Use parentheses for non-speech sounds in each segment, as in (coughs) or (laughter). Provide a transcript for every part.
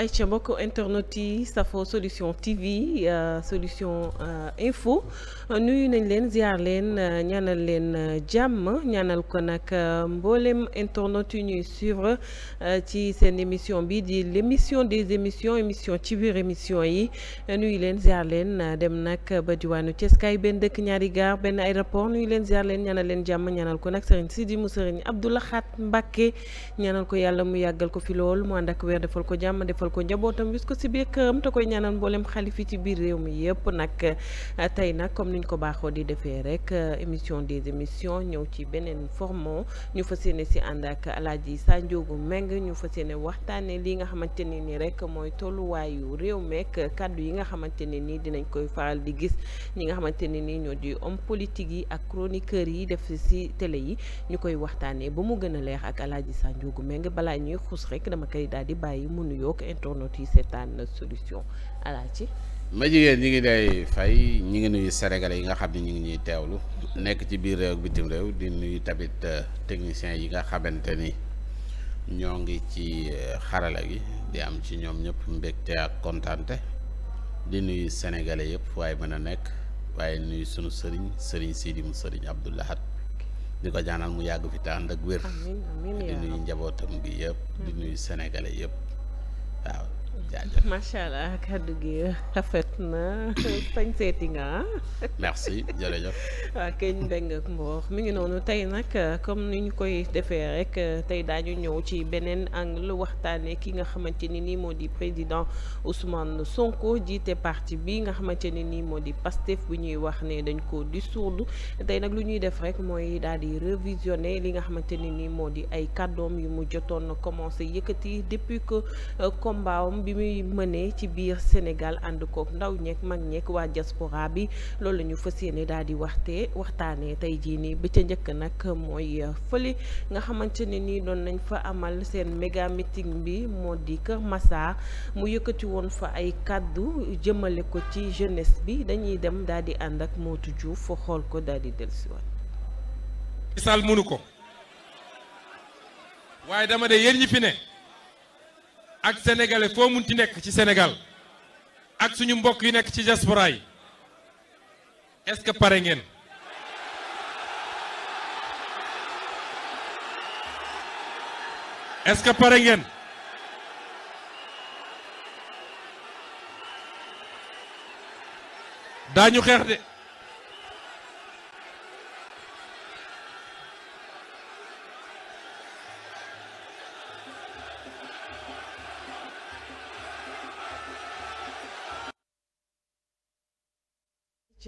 ayca mbokk internet yi safo solution TV euh, solution euh, info. nuyu nañ leen ziar leen euh, ñaanal leen euh, jàmm ñaanal ko nag euh, mboolem internet yu ñuy suivre ci seen émission bi di l' émission des émissions émission ci biir émissions yi nuyu leen ziar leen dem nag ba diwaanu Thiès kaay benn dëkk ñaari gaar benn aéroport nuyu leen ziar leen ñaanal leen jàmm ñanal ko nag sëriñ Sidi mu sëriñ Abdou Lahat Mbacke ñaanal ko yàlla mu yàggal ko fi lool mu ànd weer defal ko jàmm defal ko njabootam bis ko si biir këram te koy mbooleem mboolem xalifi ci biir réew mi yëpp nag ñu ko baaxoo di defee rek euh, émission des émissions ñëw ci beneen formon ñu fas yéene si ànd ak alaaji Sanjoogu Meng ñu fas yéene waxtaane li nga xamante ne ni rek mooy tolluwaayu réew meek kàddu yi nga xamante ne nii dinañ koy faral di gis ñi nga xamante ne nii ñoo di homme politique yi ak chroniqueurs yi def si télé yi ñu koy waxtaanee ba mu gën a leer ak alaaji Sanjoogu Meng balaa ñuy xuus rek dama koy daal di bàyyi mu nuyoog internet yi seetaan solution alaaji ma jigéen ñi ngi fay ñi ngi nuyu sénégalais yi nga xam ne ñi ngi ñuy teewlu nekk ci biir réew ak bitim réew di nuyu tamit euh, techniciens yi nga xamante ni ñoo ngi ci euh, xarala gi di am ci ñoom ñëpp mbégte ak kontaante di nuyu sénégalais yëpp waaye mën a nekk waaye nuyu sunu sëriñ sëriñ Sidi mu sëriñ Abdou Lahad di ko ñaanal mu yàgg fi te ak wér di nuyu njabootam gi yëpp di mm. nuyu sénégalais yëpp waaw jaajëf macha allah kàddu gi rafet na sañ seeti nga ah? merci jërëjëf. (laughs) waaw keñ Mbengue ak Mbour mi ngi noonu tey nag comme ni ñu koy defee rek tey daañu ñëw ci beneen angle waxtaanee ki nga xamante ni nii moo di président Ousmane Sonko jiite parti bi nga xamante ni nii moo di Pastef bu ñuy wax ne dañ ko di dissoudre tey nag lu ñuy def rek mooy daal di révisionner li nga xamante ni nii moo di ay kàddoom yu mu jotoon commencé yëkkati depuis que euh, combat am bi muy mënee ci biir Sénégal ànd kook ndaw ñeek mag ñeek waa diaspora bi loolu lañu ñu fas yéene daal di waxtee waxtaanee tey jii nii ba ca njëkk nag mooy euh, fële nga xamante ne nii doon nañ fa amal seen méga bi moo di Kër Massar mu yëkkati woon fa ay kàddu jëmale ko ci jeunesse bi dañuy dem daal di ànd ak Mootu Diouf fo xool ko daal di dellusiwaat. waaye dama de yéen fi ne. ak sénégalais foo ci nekk ci Sénégal ak suñu mbokk yi nekk ci diaspora yi est-ce que pare ngeen est-ce que pare ngeen daañu xeex de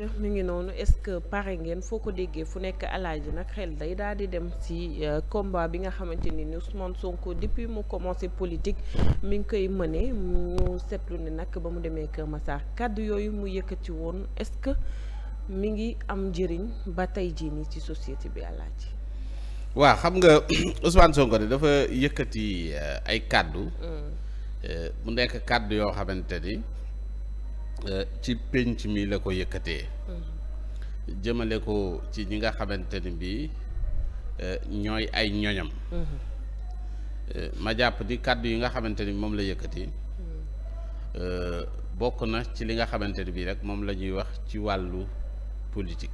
ci mi ngi noonu est-ce que pare ngeen foo ko déggee fu nekk alaaji nag xel day daal di dem ci euh, combat bi nga xamante ni Ousmane Sonko depuis mu commencé politique mi ngi koy mëne mu seetlu ni nag ba mu demee Kër Massar kàddu yooyu mu yëkkati woon est-ce que mi ngi am njëriñ ba tey jii nii ci societé bi alaaji. waaw xam nga (clears throat) Ousmane Sonko de dafa yëkkati euh, ay kàddu. Mm. Euh, mu nekk kàddu yoo xamante ni. Euh, ci pénc mi la ko yëkkatee mm-hmm. jëmale ko ci ñi nga xamante ni bii euh, ñooy ay ñoñam mm-hmm. euh, ma jàpp di kàddu yi nga xamante ni moom la yëkkati mm-hmm. bokk na ci li nga xamante ni bii rek moom la ñuy wax ci wàllu politique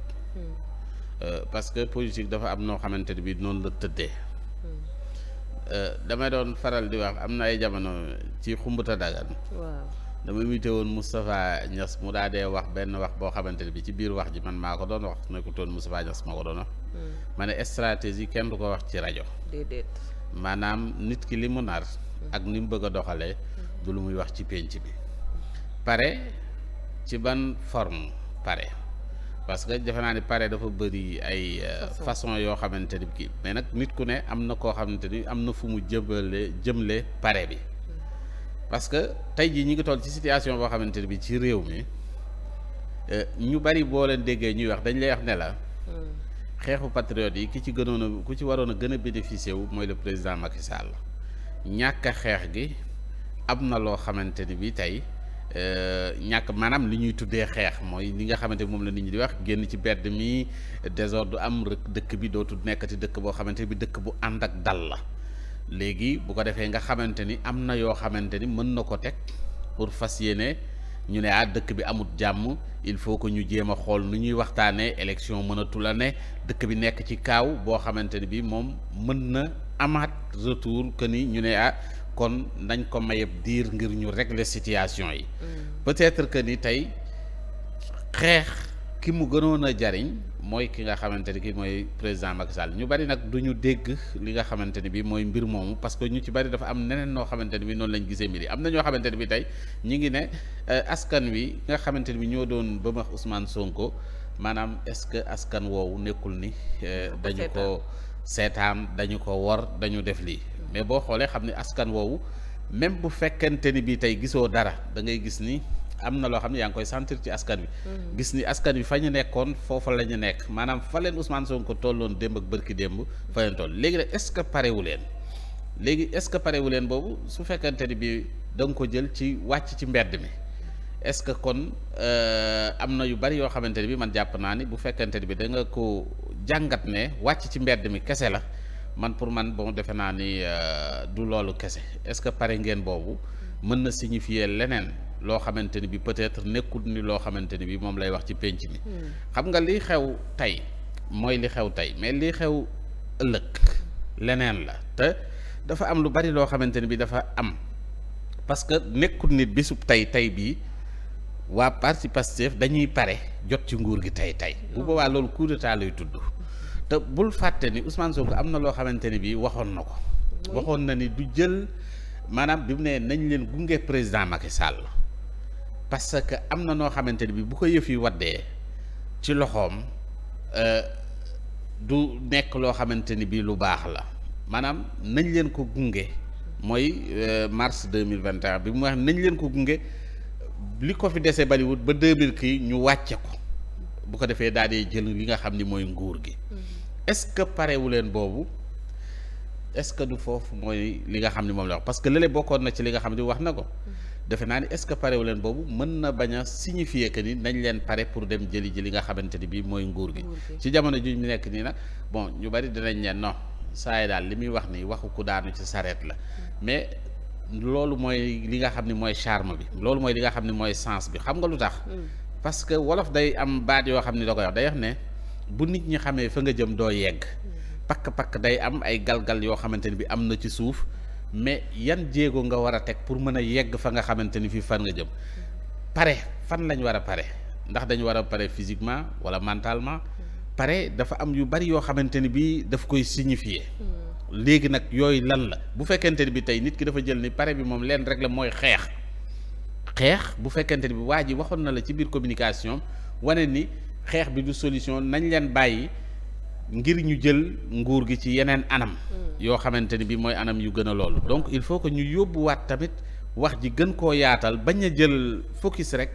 parce que politique dafa am noo xamante ni bii noonu la tëddee damay doon faral di wax am na ay jamono ci xumbuta dagan damay imité woon Moustapha Niass mu daa dee wax benn wax boo xamante ne bi ci biir wax ji man maa ko doon wax nekkul toon Moustapha Niass maa ko doon wax. Hmm. kenn du ko wax ci rajo. déedéet maanaam nit ki li mu nar. Hmm. ak ni mu bëgg a doxalee. Hmm. du lu muy wax ci pénc bi. pare ci ban forme pare parce que defe naa ni pare dafa bëri ay. Euh, façon yoo xamante ni kii mais nag nit ku ne am na koo xamante ni am na fu mu jëmale jëmle pare bi. parce que tey jii ñu ngi toll ci situation boo xamante ne bi ci réew mi eh, ñu bari boo leen déggee ñuy wax dañ lay wax ne la hmm. xeexu patriote yi ki ci gënoon a ku ci waroon a gën a bénéficier wu mooy le président Macky Sall ñàkk xeex gi am na loo xamante ni bi tey eh, ñàkk maanaam li ñuy tuddee xeex mooy li nga xamante moom la nit ñi di wax génn ci bedd mi désordre am dëkk bi dootul nekkati dëkk boo xamante bi dëkk bu ànd ak dal la léegi bu ko defee nga xamante ni am na yoo xamante ni mën na ko teg pour fas yéene ñu ne ah dëkk bi amut jàmm il faut que ñu jéem a xool nu ñuy waxtaanee élection mënatul a ne dëkk bi nekk ci kaaw boo xamante ni bi moom mën na amaat retour que ni ñu ne ah kon nañ ko mayeb diir ngir ñu régler situation yi. Mm. peut-être que ni tey xeex ki mu gënoon a jariñ. mooy ki nga xamante ni ki mooy président Macky Sall ñu bari nag du ñu dégg li nga xamante ni bi mooy mbir moomu parce que ñu ci bari dafa am neneen noo xamante ni bi noonu lañ gisee mbir am na ñoo xamante ni bi tey ñi ngi ne euh, askan wi nga xamante ni bi ñoo doon ba max Ousmane Sonko maanaam est-ce que askan woowu nekkul ni euh, dañu ko seetaan dañu ko wor dañu def lii mais boo xoolee xam ne askan woowu même bu fekkente ni bi tey gisoo dara da ngay gis ni am na loo xam ne yaa ngi koy sentir ci askan wi. Mm-hmm. gis ni askan wi fa ñu nekkoon foofa la ñu nekk maanaam fa leen Ousmane ko tolloon démb ak bërki démb fa leen toll léegi nag est-ce que parewu leen léegi est-ce que parewu leen boobu su fekkante ni bi da nga ko jël ci wàcc ci mbedd mi. est-ce que kon euh, am na yu bari yoo xamante ni bi man jàpp naa ni bu fekkante ni bi da nga ko jàngat ne wàcc ci mbedd mi kese la man pour man boo defe naa ni euh, du loolu kese est-ce que pare ngeen boobu mm-hmm. mën na signifier leneen. loo xamante ni bi peut-être nekkul ni loo xamante ni bi moom lay wax ci pénc mi hmm. xam nga li xew tey mooy li xew tey mais li xew ëllëg leneen la te dafa am lu bari loo xamante ni bi dafa am parce que nekkul ni bisub tey tey bii waa parti Pastef dañuy pare jot ci nguur gi tey tey bu hmm. boobaa loolu coup d'état tudd te bul fàtte ni Ousmane Sonko am na loo xamante ni bi waxoon na ko waxoon na ni du jël maanaam bi mu ne nañ leen gunge président Macky Sall parce que am na noo xamante ni bi bu ko yëf waddee ci loxoom euh, du nekk loo xamante ni bi lu baax la maanaam nañ leen ko gunge mooy euh, mars deux mille vingt et bi mu wax nañ leen ko gunge li ko fi dese baliwut ba deux mille kii ñu wàcce ko bu ko defee daal di jël li nga xam ni mooy nguur gi mm-hmm. est-ce que parewu leen boobu est-ce du foofu mooy li nga xam ni moom la wax parce que lële bokkoon na ci li nga xam ni wax na ko mm-hmm. defe naa ni est-ce que parewu leen boobu mën na bañ a signifier que ni nañ leen pare pour dem jëli ji li nga xamante ni bii mooy nguur gi ci jamono ju ñu nekk nii nag bon ñu bari dinañ leen non saa daal li muy wax nii waxu ku daanu ci sareet la mais loolu mooy li nga xam ni mooy charme bi loolu mooy li nga xam ni mooy sens bi xam nga lu tax mm. parce que wolof day am baat yoo xam ni da ko wax day wax ne bu nit ñi xamee fa nga jëm doo yegg mm-hmm. pakk pakk day am ay gal galgal yoo xamante ni bi am na ci suuf mais yan jéego nga war a teg pour mën a yegg fa nga xamante ni fii fan nga jëm pare fan lañ war a pare ndax dañu war a pare physiquement wala mentalement pare dafa am yu bari yoo xamante ni bii daf koy signifier hmm. léegi nag yooyu lan la bu fekkente ni bi tey nit ki dafa jël ni pare bi moom leen rek la mooy xeex xeex bu fekkente ni bi waa ji waxoon na la ci biir communication wane ni xeex bi du solution nañ leen bàyyi ngir ñu jël nguur gi ci yeneen anam. Hmm. yoo xamante ni bi mooy anam yu gën a loolu. donc il faut que ñu yóbbu waat tamit wax ji gën koo yaatal bañ a jël focus rek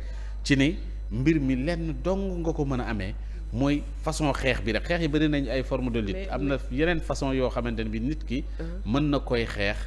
ci ni mbir mi lenn dong nga ko mën a amee mooy façon xeex bi rek xeex yi bëri nañ ay forme de lutte am na yeneen façon yoo xamante ni bi nit ki uh-huh. mën na koy xeex.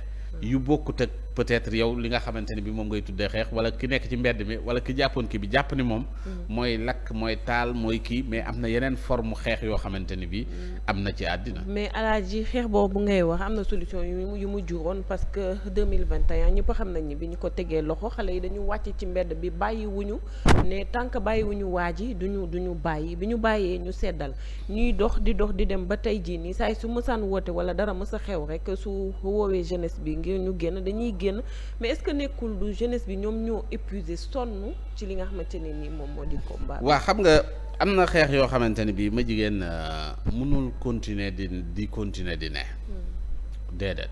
yu bokkut ak peut-être yow li nga xamante ni bi moom ngay tuddee xeex wala ki nekk ci mbedd mi wala ki jàppoon ki bi jàpp ni moom mm. mooy lakk mooy taal mooy kii mais am na yeneen forme xeex yoo xamante ni bi mm. am na ci àddina mais alaaji xeex boobu ngay wax am na solution yu yu mu juróon parce que 2021 ñëpp xam nañ ni bi ñu ko tegee loxo xale yi dañu wàcc ci mbedd bi bàyyi wuñu ne tant que bàyyi wuñu waa ji duñu duñu bàyyi bi ñu bàyyee ñu seddal ñuy dox di dox di dem ba tey jii nii saa su mësaan woote wala dara mës a xew rek su woowee jeunesse bi ngir ñu génn dañuy génn mais est que nekkul du jeunesse bi ñoom ñoo épuisé sonn ci li nga xamante ne nii moom moo di combat. waaw xam nga am na xeex yoo xamante ne bii ma jigéen euh, mënul continuer di di continuer di ne. Hmm. déedéet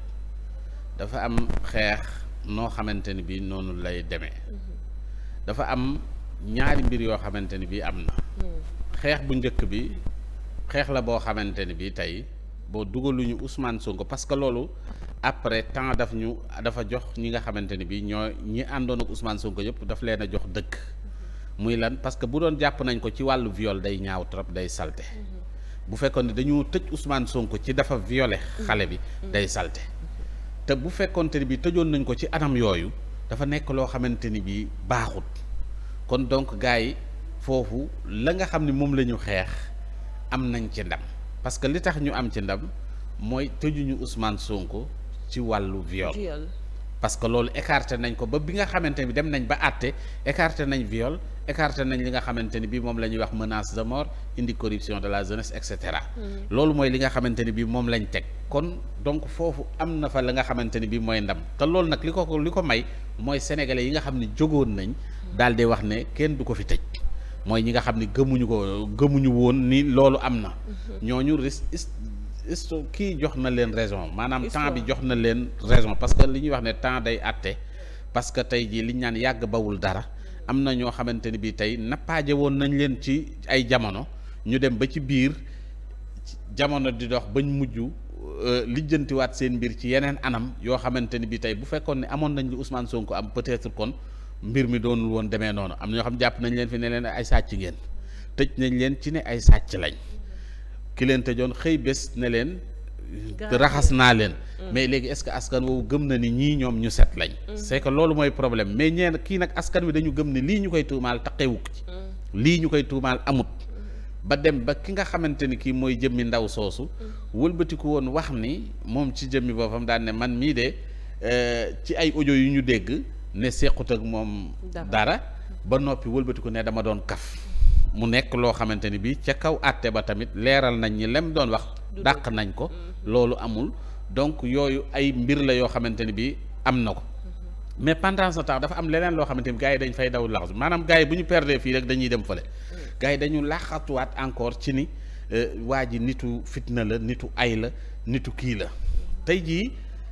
dafa am xeex noo xamante ne bii noonu lay demee. Hmm. dafa am ñaari mbir yoo xamante ne bii am na. Hmm. xeex bu njëkk bi xeex la boo xamante ne bii tey boo dugaluñu Ousmane Sonko parce que loolu après temps daf ñu dafa jox ñi nga xamante ni bii ñoo ñi àndoon ak Ousmane Sonko yëpp daf leen a jox dëkk muy lan parce que bu doon jàpp nañ ko ci wàllu viol day ñaaw trop day salte bu fekkoon ne dañoo tëj Ousmane Sonko ci dafa violé xale bi day salte te bu fekkoonte ni bi tëjoon nañ ko ci anam yooyu dafa nekk loo xamante ni bii baaxut kon donc gars yi foofu la nga xam ni moom la ñu xeex am nañ ci ndam parce que li tax ñu am ci ndam mooy tëjuñu Ousmane Sonko ci wàllu viol parce que loolu écarté nañ ko ba bi nga xamante ni dem nañ ba àtte écarté nañ viol écarté nañ li nga xamante ni bii moom la ñuy wax menace de mort indi de la jeunesse et cetera. Mm. loolu mooy li nga xamante ni bii moom lañ teg kon donc foofu am na fa la nga xamante ni bii mooy ndam te loolu nag li ko ko li ko may mooy sénégalais yi nga xam ni jógoon nañ mm. daal di wax ne kenn du ko fi tëj. mooy ñi nga xam ni gëmuñu ko gëmuñu woon ni loolu am na mhm. ñoo ñu isto kii jox na leen raison maanaam temps bi jox na leen raison parce que li ñuy wax ne temps day àtte parce que tey jii liñ naan yàgg bawul dara am na ñoo xamante ni bii tey nappaaje woon nañ leen ci ay jamono ñu dem ba ci biir jamono di dox bañ mujj euh, lijjantiwaat seen mbir ci yeneen anam yoo xamante ni bii tey bu fekkoon ne amoon nañ lu Ousmane Sonko am peut-être kon mbir mi doonul woon demee noonu am na ñoo xam jàpp nañ leen fi ne leen ay sàcc ngeen tëj nañ leen ci ne ay sàcc lañ ki leen tëjoon xëy bés ne leen. raxas naa leen. Mm. mais léegi est-ce que askan woowu gëm na ni ñii ñoom ñu set lañ. Mm. c'est que loolu mooy problème mais ñeen kii nag askan wi dañu gëm ni lii ñu koy tuumaal taqewuk ci. Mm. lii ñu koy tuumaal amut. ba dem ba ki nga xamante ni kii mooy jëmmi ndaw soosu. wëlbatiku woon wax ni moom ci jëmmi boppam daan ne man mii de euh, ci ay audio yu ñu dégg. ne sequt ak moom dara ba noppi wëlbati wëlbatiku ne dama doon kaf mu nekk loo xamante ni bii ca kaw àtte ba tamit leeral nañ ñi lem doon wax dàq nañ ko loolu amul donc yooyu ay mbir la yoo xamante ni bii am na ko mm-hmm. mais pendant ce temps dafa am leneen loo xamante ni gars yi dañ fay daw laxas maanaam gars yi bu ñu perdee fii rek dañuy dem fële mm. gars yi dañu laxatuwaat encore ci ni euh, waa ji nitu fitna la nitu ay la nitu kii la tey jii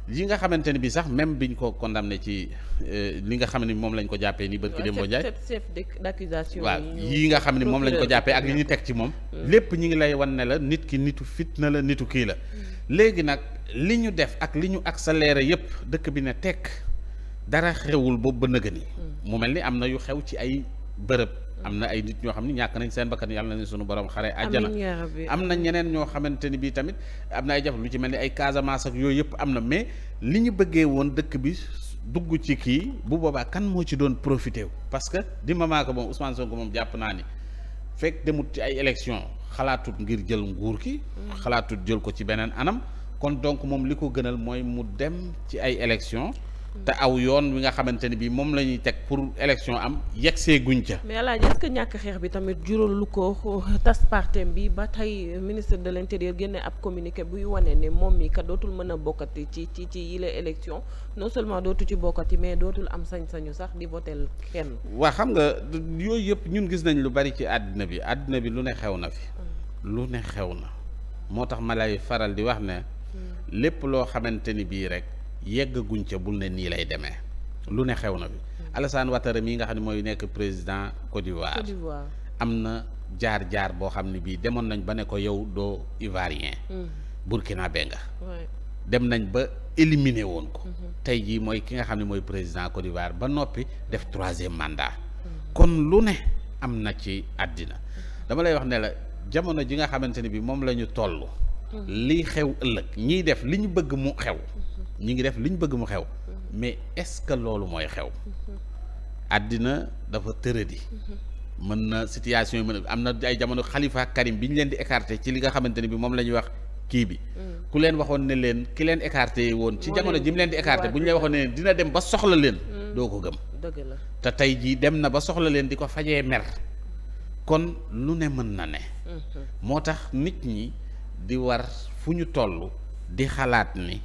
yi nga xamante ne bi sax même biñ ko condamné ci euh, li nga xam ne moom lañ ko jàppee ni bërki Demba Ndiaye chef d'accusation waaw yi nga xam ne moom lañ ko jàppee ak li ñu teg ci moom lépp ñi ngi lay wan ne la nit ki nitu fitna la nitu kii la mm. léegi nag li ñu def ak li ñu accéléré yépp dëkk bi ne teg dara xewul boobu ba nëgëni mm. mu mel ni am na yu xew ci ay bërëb am na ay nit ñoo xam ne ñàkk nañ seen bakkan yàlla nañ sunu borom xare àjjana am na ñeneen ñoo xamante ni bii tamit am na ay jaf lu ci mel ni ay Casamance ak yooyu yëpp am na mais li ñu bëggee woon dëkk bi dugg ci kii bu boobaa kan moo ci doon profité wu parce que di mamaa ko moom Ousmane Sonko moom jàpp naa ni fekk demut ci ay élection xalaatut ngir jël nguur ki mm. xalaatut jël ko ci beneen anam kon donc moom li ko gënal mooy mu dem ci ay élection te aw yoon wi nga xamante ne bii moom la ñuy teg pour élection am yegg see guñ ca. mais laa est-ce ñàkk xeex bi tamit jural lu ko tas partem bi ba tey ministre de l'intérieur génne ab communiqué buy wane ne moom mi kat dootul mën a bokkati ci ci ci yile élection non seulement dootu ci bokkati mais dootul am sañ-sañu sax di votel kenn. waa xam nga yooyu yëpp ñun gis nañ lu bari ci àddina bi àddina bi lu ne xew na fi. Hmm. lu ne xew na moo tax ma lay faral di wax ne. Hmm. loo xamante ni bii rek. yeggaguñ ca bul ne nii lay demee lu ne xew na fi hmm. Alassane Ouattara mii nga xam ne mooy nekk président Côte d'Ivoire am na jaar-jaar boo xam ne bii demoon nañ ba ne ko yow doo Ivoirien hmm. burkinabé nga dem nañ ba éliminé woon ko hmm. tey jii mooy ki nga xam ne mooy président Côte d'Ivoire ba noppi def troisième mandat kon lu ne am na ci àddina dama lay wax ne la jamono ji nga xamante ne bi moom lañu ñu li xew ëllëg ñiy def li ñu bëgg mu xew ñu ngi def liñ bëgg mu xew mais est-ce que loolu mooy xew àddina dafa tëradi mën na situation yi mën am na ay jamono Khalifa Karim bi ñu leen di écarté ci li nga xamante ni bi moom la ñuy wax kii bi mm. ku leen waxoon ne leen ki leen écarté woon ci jamono ji mu leen di écarté bu ñu leen waxoon ne leen dina dem ba soxla leen mm. doo ko gëm dëgg la te tey jii dem na ba soxla leen di ko fajee mer kon lu ne mën na ne mm-hmm. moo tax nit ñi di war fu ñu toll di xalaat ni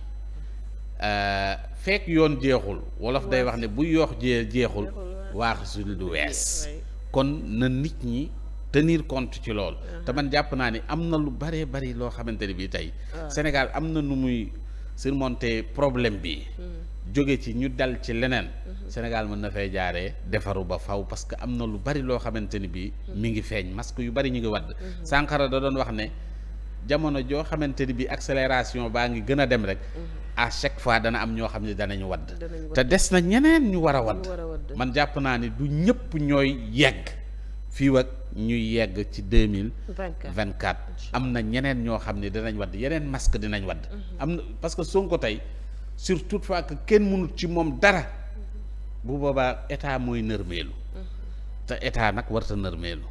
Euh, fekk yoon jeexul wolof day wax ne bu yoox jee jeexul waax sul du wees kon na nit ñi tenir compte ci lool uh-huh. te man jàpp naa ni am na lu bare bari loo xamante ne bii tey uh. Sénégal am na nu muy surmonter problème bi mm. jóge ci ñu dal ci leneen mm-hmm. Sénégal mën na fay jaaree defaru ba faw parce que am na lu bari loo xamante ni bii mm. mi ngi feeñ masque yu bari ñu ngi wadd mm-hmm. Sankara da doon wax ne jamono joo xamante ni bi accélération baa ngi gën a dem rek mhm. à chaque fois dana am ñoo xam ne danañu wadd te des na ñeneen ñu war a wadd man jàpp naa ni du ñëpp ñooy yegg fii wak ñuy yegg ci deux mille vingt quatre am na ñeneen ñoo xam ne danañ wadd yeneen masque dinañ wadd mhm. am na parce que Sonko tey surtout fois que kenn mënut ci moom dara mhm. bu boobaa état mooy nërmeelu te état nag warta nërmeelu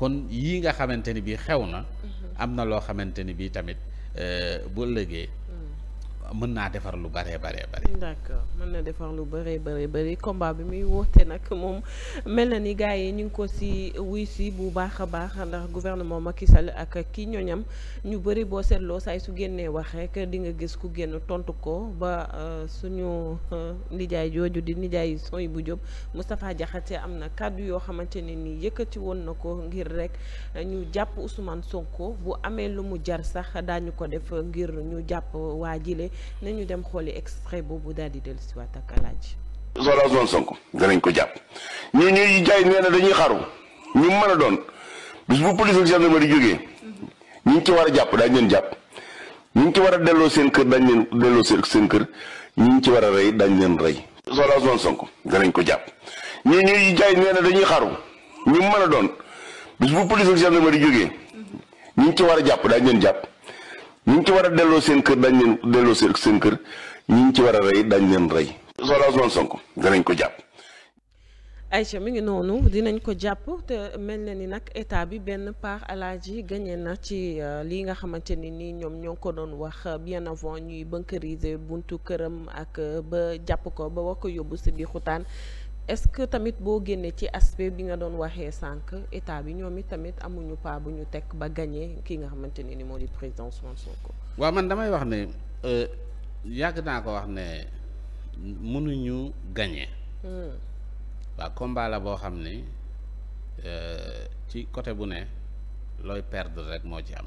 kon yii nga xamante ni bii xew na. Mhm. am na loo xamante ni bii tamit euh, bu ëllëgee mën naa defar lu bëree bëree bëri. d'accord mën na defar lu bëree bëri bëri combat bi muy woote nag moom mel na ni gars yi ñu ngi ko si wuy si bu baax a baax ndax gouvernement Macky Sall ak kii ñoñam ñu bëri boo seetloo saay su génnee wax rek di nga gis ku génn tontu ko ba euh, suñu euh, nijaay jooju di nijaay sooy bu jóg Moustapha jaxate am na kàddu yoo xamante ne nii yëkkati woon na ko ngir rek ñu jàpp Ousmane Sonko bu amee lu mu jar sax daañu ko def ngir ñu jàpp waa nañu dem xooli extrait boobu daal di waa ak alaaj sola Ousmane Sonko danañ ko jàpp ñu ñuy jaay nee na dañuy xaru ñu mën a doon bis bu police ak gendarmerie jógee ñu ci war a jàpp daañu jàpp ñu ngi ci war a delloo seen kër daañu leen delloo seen kër ñu ci war a rey daañu leen rey sola Ousmane Sonko danañ ko jàpp ñu ñuy jaay nee na dañuy xaru ñu mën a doon bis bu police ak gendarmerie jógee ñu ngi ci war a jàpp daañu leen jàpp ñi ñu ci war a delloo seen kër dañ leen delloo seen kër ñi ñu ci war a rey dañ leen rey. soxna Ousmane Sonko danañ ko jàpp. Aïcha mi ngi noonu dinañ ko jàpp te mel na ni nag état bi benn part alaaji gagné na ci euh, lii nga xamante ni nii ñoom ñoo ko doon wax euh, bien avant ñuy bunkeriser buntu këram ak euh, ba jàpp ko ba wax ko yóbbu si biir xutaan est-ce que tamit boo génnee ci aspect bi nga doon waxee sànq état bi ñoom it tamit amuñu pas bu ñu teg ba gañee kii nga xamante ne ni moo di président Ousmane Sonko. waaw man damay wax ne euh, yàgg naa ko wax ne mënuñu gagné. Hmm. waaw combat la boo xam ne euh, ci côté bu ne looy perdre rek moo ci am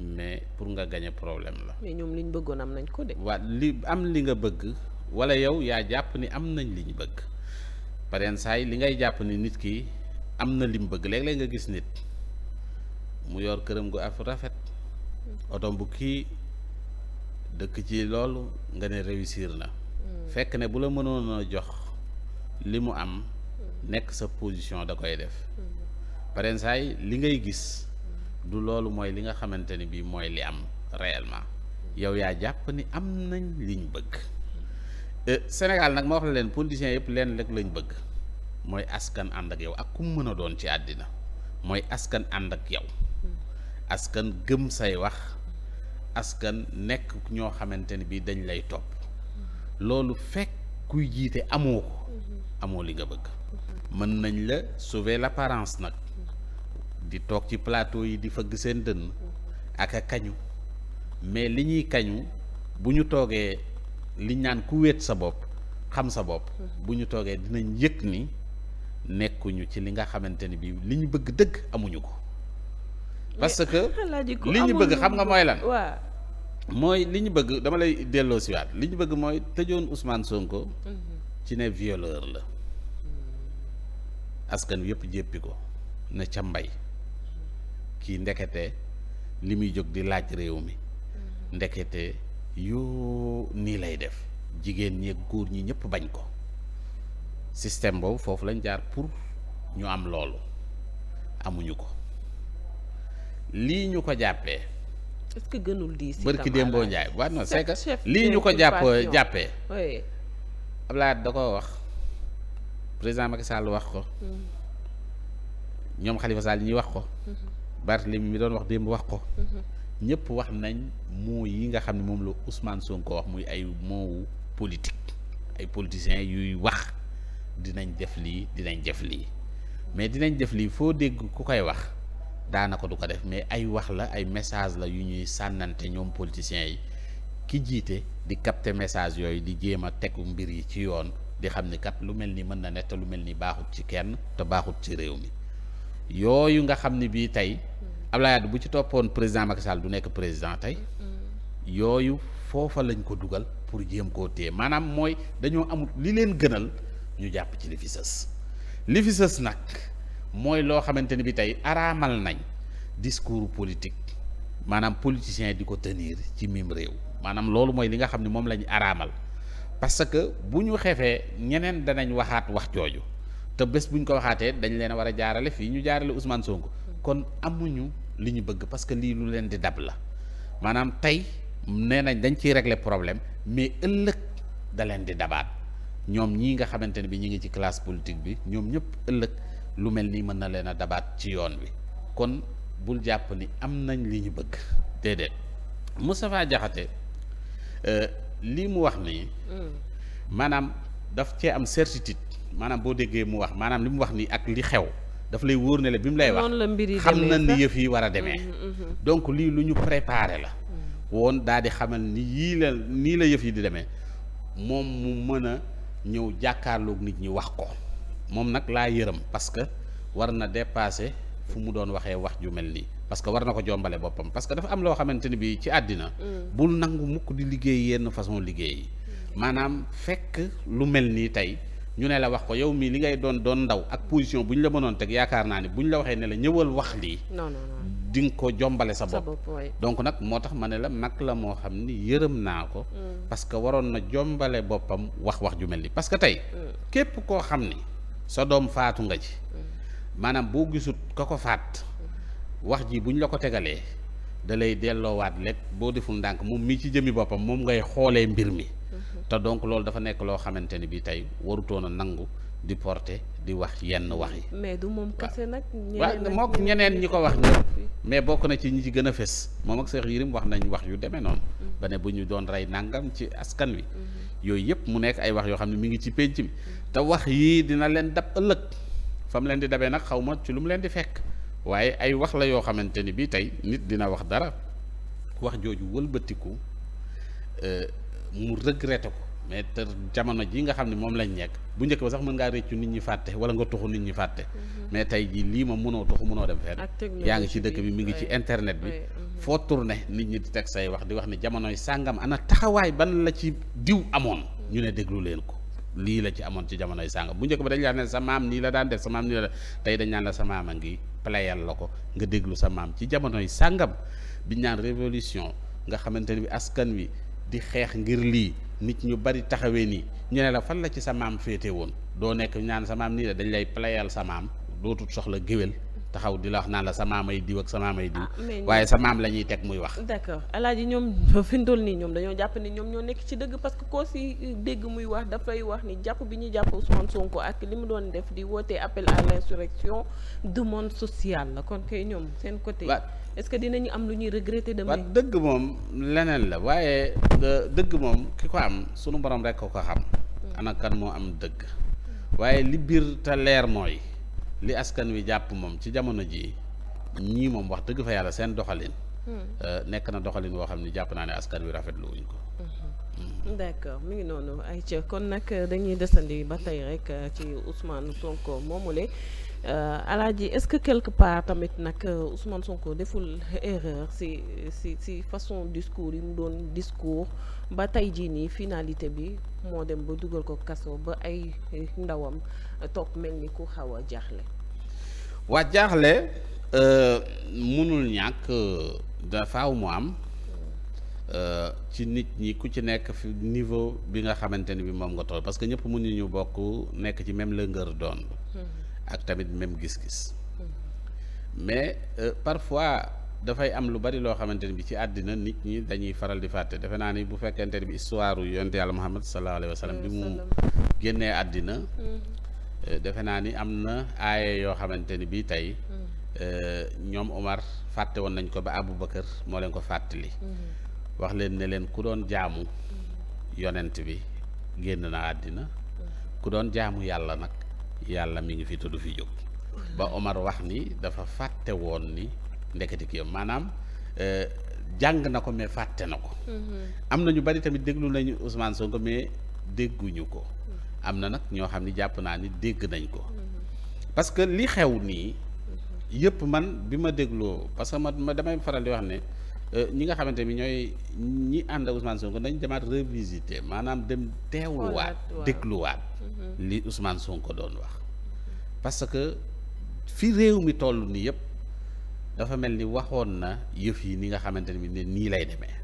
mais pour nga gagné problème la. mais ñoom li bëggoon am nañ ko de. waaw li am li nga bëgg. wala yow yaa jàpp ni am nañ li ñu bëgg pareen saay li ngay jàpp ni nit ki am na lim bëgg léeg-léeg nga gis nit mu yor këram gu af rafet otom bu kii dëkk ci loolu nga ne réussir na hmm. fekk ne bu la mënoon jox li mu am hmm. nekk sa position da koy def hmm. pareen saay li ngay gis du loolu mooy li nga xamante ni bii mooy li am réellement yow yaa jàpp ni am nañ liñ bëgg Eh, Sénégal nag ma wax la leen politiciens yëpp leen rek lañu bëgg mooy askan ànd ak yow ak ku mën a doon ci àddina mooy askan ànd ak yow askan gëm say wax askan nekk ñoo xamante ne bii dañ lay topp loolu fekk kuy jiite amoo ko amoo li nga bëgg mën nañ la sauver l'apparence nag di toog ci plateau yi di fëgg seen dënn ak a kañu mais li ñuy kañu bu ñu toogee liñ naan ku wéet sa bopp xam sa bopp bu ñu toogee dinañ yëg ni nekkuñu ci li nga xamante ni bii li ñu bëgg dëgg amuñu ko parce que (laughs) li ñu bëgg xam nga mooy lan mooy li ñu bëgg dama lay delloo si waat li ñu bëgg mooy tëjoon Ousmane Sonko mhm. ci ne violeur la askan wi yëpp jéppi ko na ca mbay ki ndekete li muy jóg di laaj réew mi mhm. ndekete yu nii lay def jigéen ñi ak góor ñi ñëpp bañ ko système boobu foofu lañu jaar pour ñu am loolu amuñu ko lii ñu ko jàppee. est que gënul di si démboo Njaay waaw non c'est lii ñu ko jàppoo jàppee. oui Abdoulaye da ko wax président Macky Sall wax ko. Mm. ñoom Khalifa Sall ñuy wax ko. Mm-hmm. Barthélémy mi doon wax démb wax ko. Mm-hmm. ñëpp wax nañ mu yi nga xam ne moom la Ousmane Sonko wax muy ay moowu politique ay politiciens yuy wax dinañ def lii dinañ def lii mais dinañ def lii foo dégg ku koy wax daanaka du ko def mais ay wax la ay message la yu ñuy sànnante ñoom politiciens yi ki jiite di capter message yooyu di jéem a tegu mbir yi ci yoon di xam ni kat lu mel ni mën na ne te lu mel ni baaxut ci kenn te baaxut ci réew mi yooyu nga xam ni bii tey. Abdoulaye Wade bu ci toppoon président Macky Sall du nekk président tey yooyu foofa lañ ko dugal pour jéem koo téye maanaam mooy dañoo amul li leen gënal ñu jàpp ci li fi sës li fi sës nag mooy loo xamante ni bi tey araamal nañ discours politique maanaam politicien di ko tenir ci mim réew maanaam loolu mooy li nga xam ne moom la ñu araamal parce que bu ñu xefee ñeneen danañ waxaat wax jooju te bés buñ ko waxaatee dañ leen a war a jaarale fii ñu jaarale Ousmane Sonko kon li ñu bëgg parce que lii lu leen di dab la maanaam tey nee nañ dañ ciy régler problème mais ëllëg da leen di dabaat ñoom ñii nga xamante ne bi ñu ngi ci classe politique bi ñoom ñëpp ëllëg lu mel nii mën na leen a dabaat ci yoon wi kon bul jàpp ni am nañ li ñu bëgg déedéet Moustapha Diakhaté euh, lii mu wax nii mm. maanaam daf cee am certitude maanaam boo déggee mu wax maanaam li mu wax nii ak li xew dafa lay wóor ne la bi mu lay wax xam na ni yëf yi war a demee mm-hmm, mm-hmm. donc lii lu ñu préparé la mm. woon daal di xamal ni yii la nii la yëf yi di demee moom mu mën a ñëw jàkkaarlook nit ñi wax ko moom nag laa yërëm parce que war na dépasser fu mu doon waxee wax ju mel nii parce que war na ko jombale boppam parce que dafa am loo xamante ni bii ci àddina mm. bul nangu mukk di liggéey yenn façon liggéey yi mm. maanaam fekk lu mel nii tey ñu ne la wax ko yow mii li ngay doon doon ndaw ak position bu ñu la mënoon teg yaakaar naa ni bu ñu la waxee ne la ñëwal wax lii. dinga non ko jombale sa bopp. donc nag moo tax ma ne la mag la moo xam ni yërëm naa ko. Mm. parce que waroon na jombale boppam wax wax ju mel ni parce que tey. Mm. képp koo xam ni sa doom faatu nga ci. Mm. maanaam boo gisut ka ko faat. wax ji bu ñu la ko tegalee. da lay delloowaat lépp boo deful ndànk moom mii ci jëmmi boppam moom ngay xoolee mbir mi. te donc loolu dafa nekk loo xamante ni bi tey warutoon a nangu di porter di wax yenn wax yi. Mm. mais du moom kese nag. ñeneen waaw mook ñeneen ñi ko wax ñëpp. mais bokk na ci ñi ci gën a fës moom ak Cheikh Yérim wax nañ wax yu demee noonu. Mm. ba ne bu ñu doon rey nangam ci askan wi. Mm-hmm. yooyu yëpp mu nekk ay wax yoo xam ne mi ngi ci pénc mi. Mm. te wax yii dina leen dab ëllëg fa mu leen di dabee nag xaw ma ci lu mu leen di fekk waaye ay wax la yoo xamante ni bii tey nit dina wax dara wax jooju wëlbatiku. Euh, mu regretté ko mais te jamono ji nga xam ne moom lañ nekk bu njëkk ba sax mën ngaa réccu nit ñi fàtte wala nga tuxu nit ñi fàtte mhm. mais tey jii lii moom mënoo tuxu mënoo dem fenn yaa ngi ci dëkk bi mu ngi ci internet bi mhm. foo tourné nit ñi di teg say wax di wax ne jamonoy sàngam ana taxawaay ban la ci diw amoon ñu ne déglu leen ko lii la ci amoon ci jamonoy sàngam bu njëkk ba dañ laa ne sa maam nii la daan def sa maam tey dañ naan la sa maam a ngi playal la ko nga déglu sa maam ci jamonoy sàngam bi ñaan révolution nga xamante ne bi askan wi di xeex ngir lii nit ñu bari taxawee nii ñu la fan la ci sa maam féete woon doo nekk ñaan sa maam nii la dañ lay playal sa maam dootul soxla géwél taxaw di la wax naan la sa maam ay diw ak sa maam ay diw ah, waaye sa maam la ñuy teg muy wax d'accord alaaji ñoom (laughs) fi nii ñoom dañoo jàpp ni ñoom ñoo nekk ci dëgg parce que koo si dégg muy wax dafay wax ni jàpp bi ñuy jàpp Ousmane Sonko ak li mu doon def di woote appel à l'insurrection demande sociale la est-ce que dinañu am lu ñuy regretter demain. waaw dëgg moom leneen la waaye dëgg moom ki ko am sunu borom rek ko ko xam. Hmm. ana moo am dëgg. waaye li biir te leer mooy li askan wi jàpp moom ci jamono ji ñii moom wax dëgg fa yàlla seen doxalin. Hmm. Euh, nekk na doxalin woo xam ne jàpp naa ne askan wi rafetlu wuñ ko. Hmm. d'accord mi ngi noonu ay ca kon nag dañuy desandi ba tey rek euh, ci Ousmane Sonko moomule. Euh, Alaaji est-ce que quelque part tamit nag euh, Ousmane Sonko deful erreur ci ci ci façon discours yi mu doon discours ba tey jii nii finalité bi moo dem ba dugal ko kaso ba ay ndawam toog mel ni ku xaw a jaaxle. waa jaaxle euh, mënul ñàkk dafa mu am. ci nit ñi ku ci nekk fi niveau bi nga xamante ni bi moom nga toll parce que ñëpp ñu bokk nekk ci même longueur doon hmm. ak tamit même gis-gis mais euh, parfois dafay am lu bari loo xamante ni bi ci àddina nit ñi dañuy faral di fàtte defe naa ni bu fekkente ni bi histoire yu yonte yàlla Muhammad sallallahu alayhi wa mu génnee àddina mm-hmm. euh, defe naa ni am na yoo xamante ni bi tey mm-hmm. euh, ñoom Omar fàtte woon nañ ko ba Aboubacar moo leen ko fàttali mm-hmm. wax leen ne leen ku doon jaamu yonent bi génn na àddina ku doon jaamu yàlla nag yàlla mi ngi fi tudd fi jóg ba Omar wax ni dafa fàtte woon ni ndeketi ki maanaam euh, jàng na ko mais fàtte na ko. Mm-hmm. am na ñu bari tamit déglu nañu Ousmane ko mais dégguñu ko. am na nag ñoo xam ni jàpp naa ni dégg nañ ko. Mm-hmm. parce que li xew nii. Mm-hmm. yëpp man bi ma dégloo parce que ma damay faral di wax ne. Euh, ñi nga xamante ni ñooy ñi ànd ak Ousmane Sonko dañ demaat revisiter maanaam dem teewluwaat dégluwaat mm-hmm. li Ousmane Sonko doon wax parce que fi réew mi toll nii yëpp dafa mel ni waxoon na yëf yi ni nga xamante ni ne nii lay demee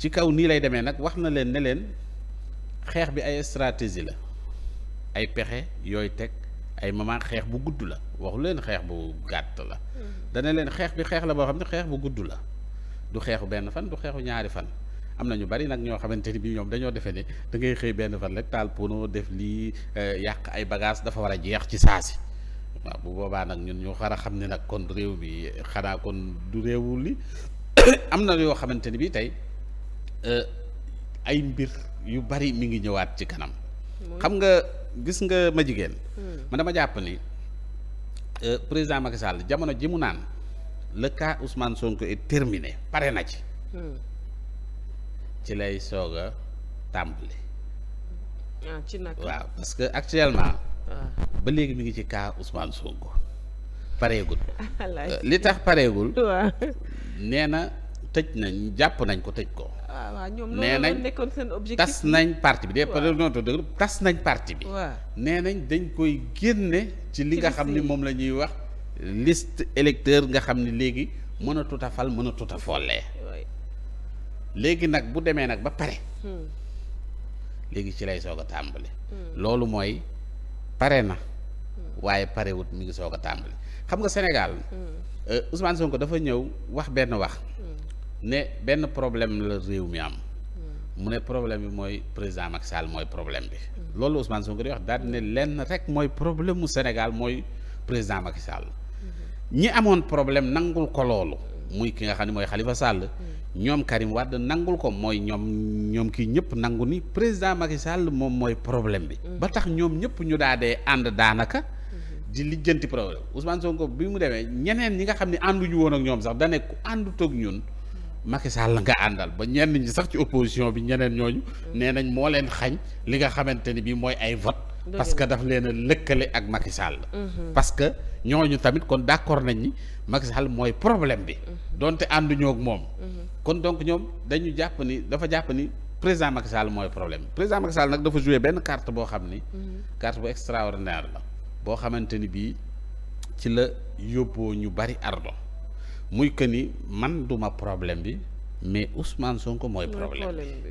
ci kaw nii lay demee nag wax na leen ne leen xeex bi ay stratégie la ay pexe yooyu teg ay moment xeex bu gudd la waxu leen xeex bu gàtt la mm-hmm. dana leen xeex bi xeex la boo xam ne xeex bu gudd la du xeexu benn fan du xeexu ñaari fan am na ñu bari nag ñoo xamante ni bi ñoom dañoo defee ne da ngay xëy benn fan rek taal pono def lii eh, yàq ay bagage dafa war a jeex ci saa si waaw bu boobaa nag ñun ñoo xar a xam ne nag kon réew mi xanaa kon du réewul (coughs) am na yoo xamante ni bi tey eh, ay mbir yu bari mi ngi ñëwaat ci kanam xam nga gis nga ma jigéen hmm. ma dama jàpp ni eh, président Macky Sall jamono ji mu naan le cas Ousmane Sonko est terminé pare na ci. Hmm. ci lay soog a tàmbali. Hmm. Ah, nag waaw parce que actuellement. Ah. ba léegi mi ngi ci cas Ousmane Sonko pareegul. (laughs) Euh, li tax pareegul. (laughs) nee na tëj nañ jàpp nañ ko tëj ko. Ah, waaw ñoom loolu la nekkoon seen objectif tas nañ parti bi de noonu dëgg tas nañ parti bi. nee nañ dañ koy génne. ci li nga xam ni moom la ñuy wax. liste électeur nga xam ne léegi mën a tuta fal mën a tuta follee léegi nag bu demee nag ba pare hmm. léegi ci lay soo a tàmbali hmm. loolu mooy pare na hmm. waaye pare wut mi ngi soog a tàmbali xam nga Sénégal euh, Ousmane ko dafa ñëw wax benn wax ne benn problème la réew mi am mu ne problème bi mooy président Macky Sall mooy problème bi loolu Ousmane ko di wax daal lenn rek mooy problème mu Sénégal mooy président Macky Sall ñi amoon problème nangul ko loolu muy ki nga xam ne mooy Khalifa sàll ñoom Karim Wade nangul ko mooy ñoom ñoom kii ñëpp nangu ni président Macky Sall moom mooy problème bi. Mm. ba tax ñoom ñëpp ñu daa dee ànd daanaka. di lijjanti problème Ousmane Sonko bi mu demee ñeneen ñi nga xam ne ànduñu woon ak ñoom sax da nekk ku àndu toog ñun. Macky Sall nga àndal ba ñenn ñi sax ci opposition bi ñeneen ñooñu. Mm. nee nañ moo leen xañ li nga xamante ni bii mooy ay vote parce que daf leen a lëkkale ak Macky Sall. Mhm. parce que ñooñu tamit kon d'accord nañ ni Macky mooy problème bi. Mhm. donte ànduñoo moom. Mhm. kon donc ñoom dañu jàpp ni dafa jàpp ni président Macky Sall mooy problème président Macky Sall nag dafa jouer benn carte boo xam ni. carte bu extraordinaire la. boo xamante ni bii ci la yóbboo ñu bari ardo muy que ni man duma problème bi mais Ousmane Sonko mooy problème bi.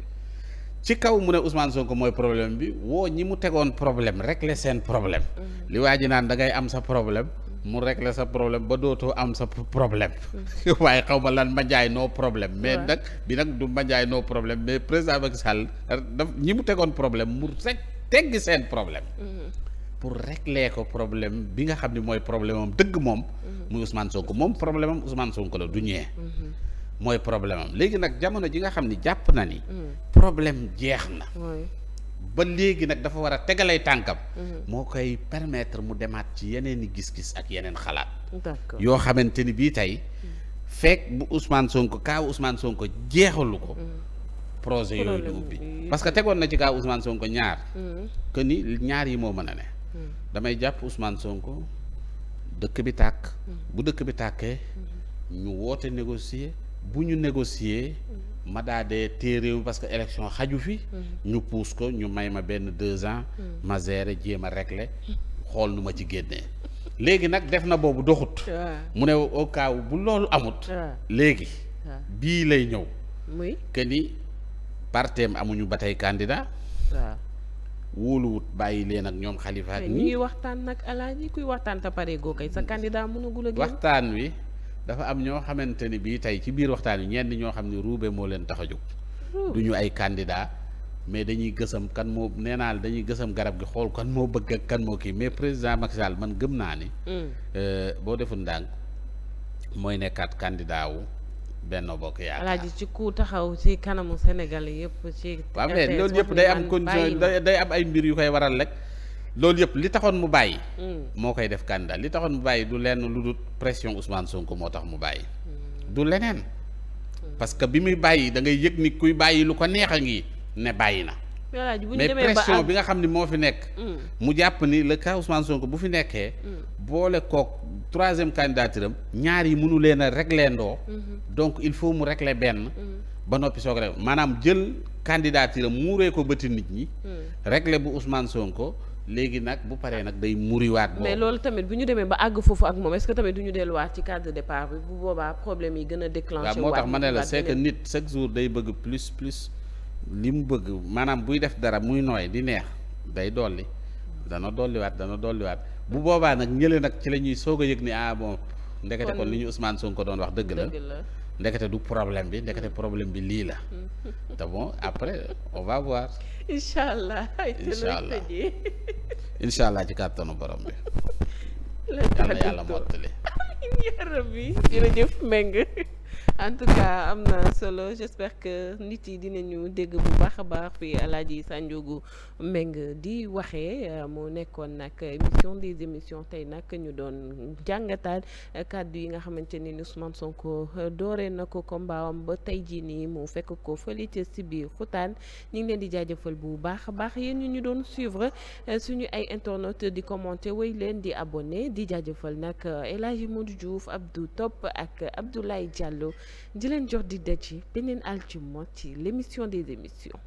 ci kaw mu ne Ousmane Sonko mooy problème bi woo ñi mu tegoon problème régler seen problème mm-hmm. li waa ji naan da ngay am sa problème mu régler sa problème ba dootoo am sa problème mm-hmm. (laughs) waaye xaw ma lan Mandiaye no problème mais nag bi nag du Mandiaye no problème mais président Macky Sall daf ñi mu tegoon problème mu rek teggi seen problème mm-hmm. pour régler ko problème bi nga xam ne mooy problème am dëgg moom muy Ousmane ko moom problème am Ousmane Sonko la du ñee mooy problème léegi nag jamono ji nga xam ni jàpp na ni. Mm. problème jeex na. ba léegi nag dafa war a tegalay tànkam. Mm-hmm. moo koy permettre mu demaat ci yeneen i gis-gis ak yeneen xalaat. d'accord yoo xamante ni bii tey. Mm. fekk bu Ousmane Sonko kaaw Ousmane Sonko jeexalu ko. Mm. projet yooyu di ubbi parce que tegoon na ci kaaw Ousmane Sonko ñaar. que ni ñaar yi moo mën a ne. damay jàpp Ousmane Sonko dëkk bi tàkk. bu dëkk bi tàkkee mm-hmm. ñu woote négocier. bu ñu négocier ma daa dee téye réew parce que élection xaju fi mm-hmm. ñu puus ko ñu may ma benn deux ans mm-hmm. ma gérer jéem a régler xool nu ma ci génnee léegi nag def na boobu doxut mu ne au bu loolu amut léegi bii lay ñëw que ni parteem amuñu ba tey candidat wóoluwut bàyyi leen ak ñoom xalifa ak ñi ñuy waxtaan nag alaaji kuy waxtaan te pare goo kay sa candidat mënagul a génn waxtaan wi dafa am ñoo xamante ni bii tey ci biir waxtaan yi ñenn ñoo xam ne ruube moo leen tax a jóg. du ñu ay candidat mais dañuy gësëm kan moo nee naa dañuy gësëm garab gi xool kan moo bëgg ak kan moo kii mais président Macky Sall man gëm naa ni. Mm. Euh, boo deful ndànk mooy nekkaat candidat benn Benno Bokk Yaakaar alaaji ci ku taxaw ci kanamu Sénégal yëpp ci. waaw mais loolu yëpp day am condition day am ay mbir yu koy waral rek. loolu yëpp li taxoon mu bàyyi. Mm. moo koy def candidat li taxoon mu bàyyi du lenn lu dul pression Ousmane Sonko moo tax mu bàyyi. Mm. du leneen. Mm. parce que bi muy bàyyi da ngay yëg ni kuy bàyyi lu ko neex a ngi ne bàyyi na. mais pression bi nga xam ni moo fi nekk. mu jàpp ni le cas Ousmane Sonko bu fi nekkee. boole kook troisième candidature am ñaar yi mënu leen a régler ndoo. Mm-hmm. donc il faut mu régler benn. ba noppi soog rek maanaam jël candidature am muuree ko bëtt nit ñi. régler bu Ousmane Sonko. léegi nag bu paree nag day muriwaat. mais loolu tamit bu ñu demee ba àgg foofu ak moom est-ce que tamit du ñu delluwaat ci cadre de départ bi bu boobaa problème yi gën a déclenché. waaw moo tax ma ne la c'est que nit chaque jour day bëgg plus plus li mu bëgg maanaam buy def dara muy nooy di neex day dolli dana dolliwaat dana dolliwaat bu boobaa nag ñële nag ci la ñuy soog a yëg ni ah bon. ndekete kon li ñu Ousmane ko doon wax dëgg la. ndekete du problème bi ndekete problème bi lii la mm-hmm. te bon après on va voir. incha allah incha allah ci kàttanu borom bi. (laughs) yàlla yàlla mottali. amiin (laughs) yaa rabbi jërëjëf Mbengue. (laughs) (laughs) en tout cas am na solo j'espère que nit yi dinañu dégg bu baax a baax fi yi Sanjogu Mbeng di waxee euh, mu nekkoon nag émission des émissions tey nag ñu doon jàngataal kàddu yi nga xamante ni Ousmane Sonko euh, dooree na ko kombaawam ba tey jii nii mu fekk ko fële ca si biir xutaan ñi ngi leen di jaajëfal bu baax a baax yéen ñu ñu doon suivre euh, suñu ay internautes di commenter woy leen di abonné di jaajëfal nag El Hadji Modou Diouf Abdou Top ak Abdoulaye Diallo di leen jox di daj yi beneen altine ci l'émission des émissions